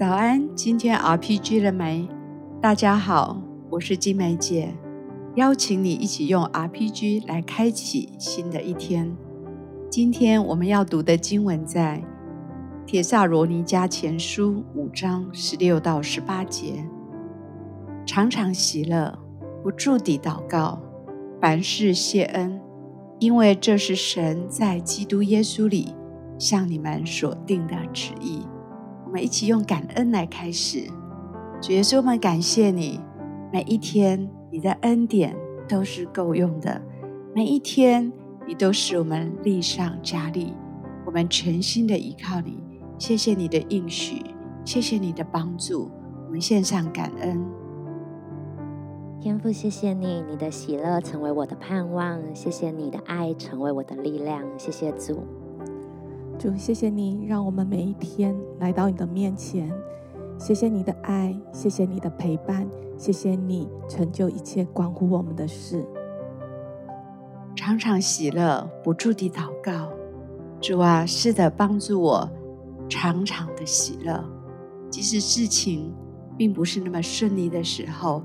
早安，今天 RPG 了沒？大家好，我是晶玫姊，邀請你一起用 RPG 來開啟新的一天。今天我們要讀的經文在《帖撒羅尼迦前書》五章十六到十八節。常常喜樂，不住地禱告，凡事謝恩，因為這是神在基督耶穌裡向你們所定的旨意。我們一起用感恩來開始，主耶穌，我們感謝你，每一天你的恩典都是夠用的，每一天你都使我們力上加力。我們全心的依靠你，謝謝你的應許，謝謝你的幫助。我們獻上感恩，天父，謝謝你，你的喜樂成為我的盼望，謝謝你的愛成為我的力量，謝謝主。主，謝謝你讓我們每一天來到你的面前，謝謝你的愛，謝謝你的陪伴，謝謝你成就一切關乎我們的事。常常喜樂，不住地禱告，主啊，是的，幫助我常常的喜樂，即使事情並不是那麼順利的時候，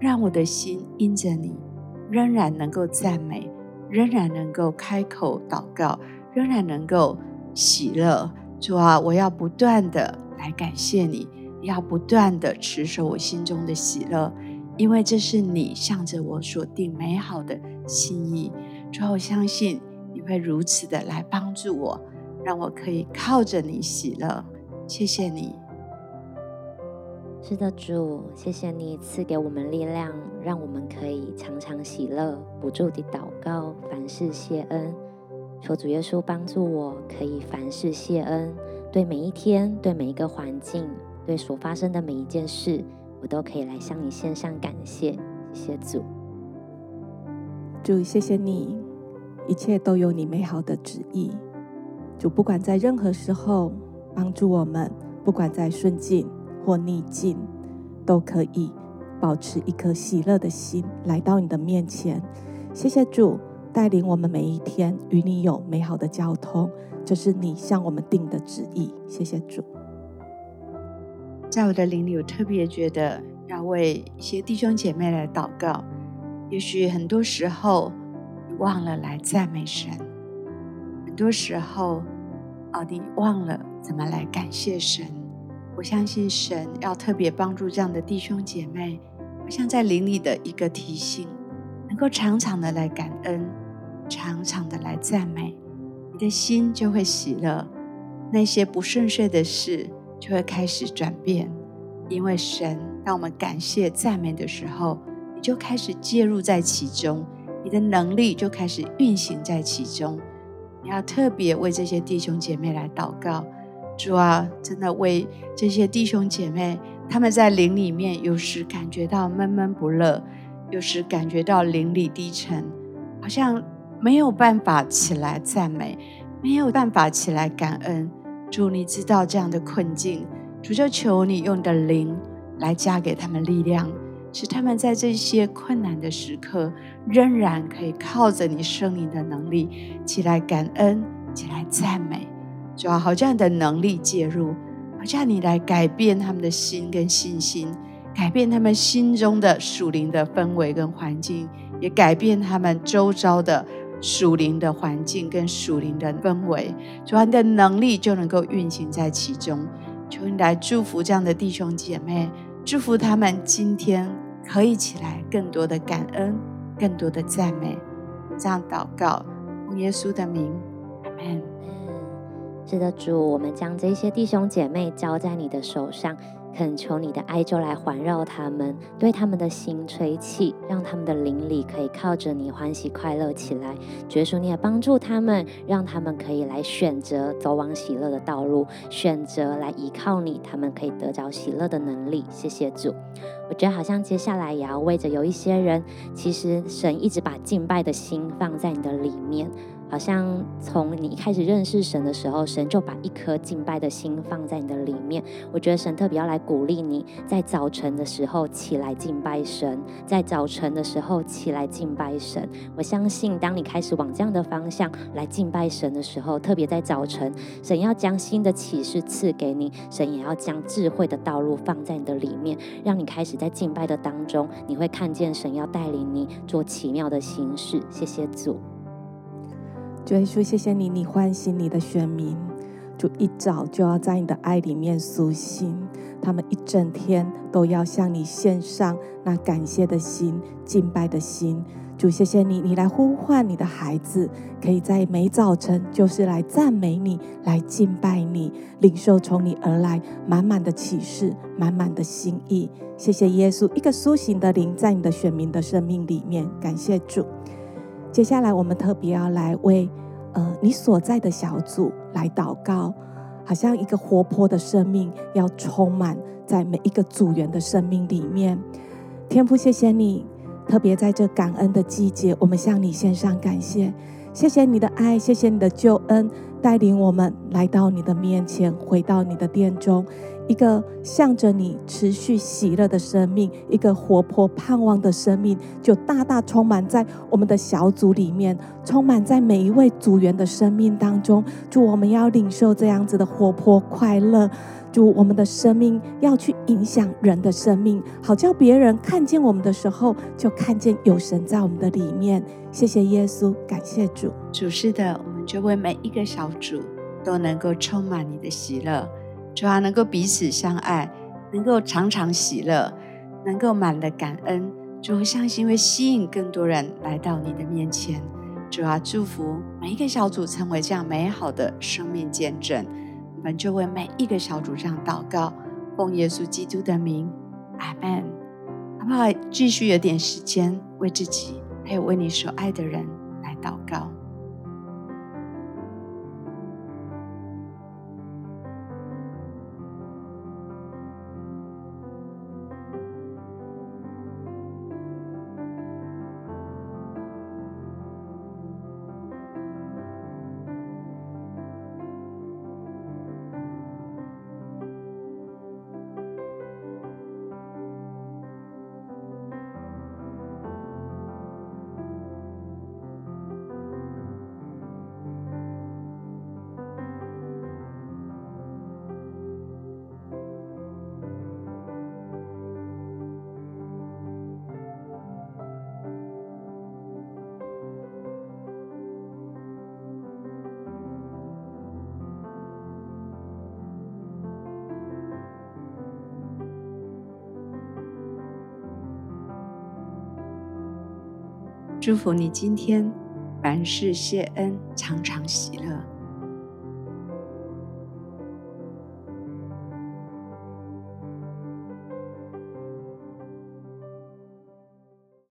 讓我的心因着你，仍然能夠讚美，仍然能夠開口禱告，仍然能夠。喜樂，主啊，我要不斷的來感謝你，要不斷的持守我心中的喜樂，因為這是你向着我所定美好的心意。主啊，我相信你會如此的來幫助我，讓我可以靠着你喜樂。謝謝你，是的，主，謝謝你賜給我們力量，讓我們可以常常喜樂，不住的禱告，凡事謝恩。求主耶穌幫助我，可以凡事謝恩，對每一天，對每一個環境，對所發生的每一件事，我都可以來向你獻上感謝。謝主，主謝謝你，一切都有你美好的旨意。主，不管在任何時候幫助我們，不管在順境或逆境，都可以保持一顆喜樂的心來到你的面前。謝謝主。帶領我們每一天，與你有美好的交通，這是你向我們定的旨意。謝謝主。在我的靈裡，我特別覺得要為一些弟兄姐妹來禱告。也許很多時候你忘了來讚美神，很多時候啊，你忘了怎麼來感謝神。我相信神要特別幫助這樣的弟兄姐妹。我想在靈裡的一個提醒，能夠常常的來感恩。常常的來讚美，你的心就會喜樂，那些不順遂的事就會開始轉變。因為神當我們感謝、讚美的時候，你就開始介入在其中，你的能力就開始運行在其中。你要特別為這些弟兄姐妹來禱告，主啊，真的為這些弟兄姐妹，他們在靈裡面有時感覺到悶悶不樂，有時感覺到靈裡低沉，好像。沒有辦法起來讚美，沒有辦法起來感恩。主，你知道這樣的困境，主就求你用你的靈來加給他們力量，使他們在這些困難的時刻，仍然可以靠着你聖靈的能力起來感恩，起來讚美。主，好這樣的能力介入，好叫你來改變他們的心跟信心，改變他們心中的屬靈的氛圍跟環境，也改變他們周遭的。屬靈的環境跟屬靈的氛圍，主，你的能力就能夠運行在其中，求你來祝福這樣的弟兄姐妹，祝福他們今天可以起來更多的感恩，更多的讚美，這樣禱告，以耶穌的名，阿門。是的，主，我們將這些弟兄姐妹交在你的手上。懇求你的愛就來環繞他們，對他們的心吹氣，讓他們的靈裡可以靠着你歡喜快樂起來。絕叔，你也幫助他們，讓他們可以來選擇走往喜樂的道路，選擇來依靠你，他們可以得着喜樂的能力。謝謝主，我覺得好像接下來也要為着有一些人，其實神一直把敬拜的心放在你的裡面。好像從你一開始認識神的時候，神就把一顆敬拜的心放在你的裡面。我覺得神特別要來鼓勵你，在早晨的時候起來敬拜神，在早晨的時候起來敬拜神。我相信，當你開始往這樣的方向來敬拜神的時候，特別在早晨，神要將新的啟示賜給你，神也要將智慧的道路放在你的裡面，讓你開始在敬拜的當中，你會看見神要帶領你做奇妙的行事。謝謝主。主耶穌，謝謝你，你喚醒你的選民，主一早就要在你的愛裡面甦醒，他們一整天都要向你獻上那感謝的心、敬拜的心。主謝謝你，你來呼喚你的孩子，可以在每早晨就是來讚美你、來敬拜你，領受從你而來滿滿的啟示、滿滿的心意。謝謝耶穌，一個甦醒的靈在你的選民的生命裡面，感謝主。接下來，我們特別要來為，呃，你所在的小組來禱告，好像一個活潑的生命，要充滿在每一個組員的生命裡面。天父，謝謝你，特別在這感恩的季節，我們向你獻上感謝，謝謝你的愛，謝謝你的救恩，帶領我們來到你的面前，回到你的殿中。一個向着你持續喜樂的生命，一個活潑盼望的生命，就大大充滿在我們的小組裡面，充滿在每一位組員的生命當中。主，我們要領受這樣子的活潑快樂，主，我們的生命要去影響人的生命，好叫別人看見我們的時候，就看見有神在我們的裡面。謝謝耶穌，感謝主，主是的，我們就為每一個小組都能夠充滿你的喜樂。主啊，能夠彼此相愛，能夠常常喜樂，能夠滿了感恩。主啊，相信會吸引更多人來到你的面前。主啊，祝福每一個小組成為這樣美好的生命見證。我們就為每一個小組這樣禱告，奉耶穌基督的名，阿門。好不好？繼續有點時間為自己，還有為你所愛的人來禱告。祝福你今天凡事謝恩，常常喜樂。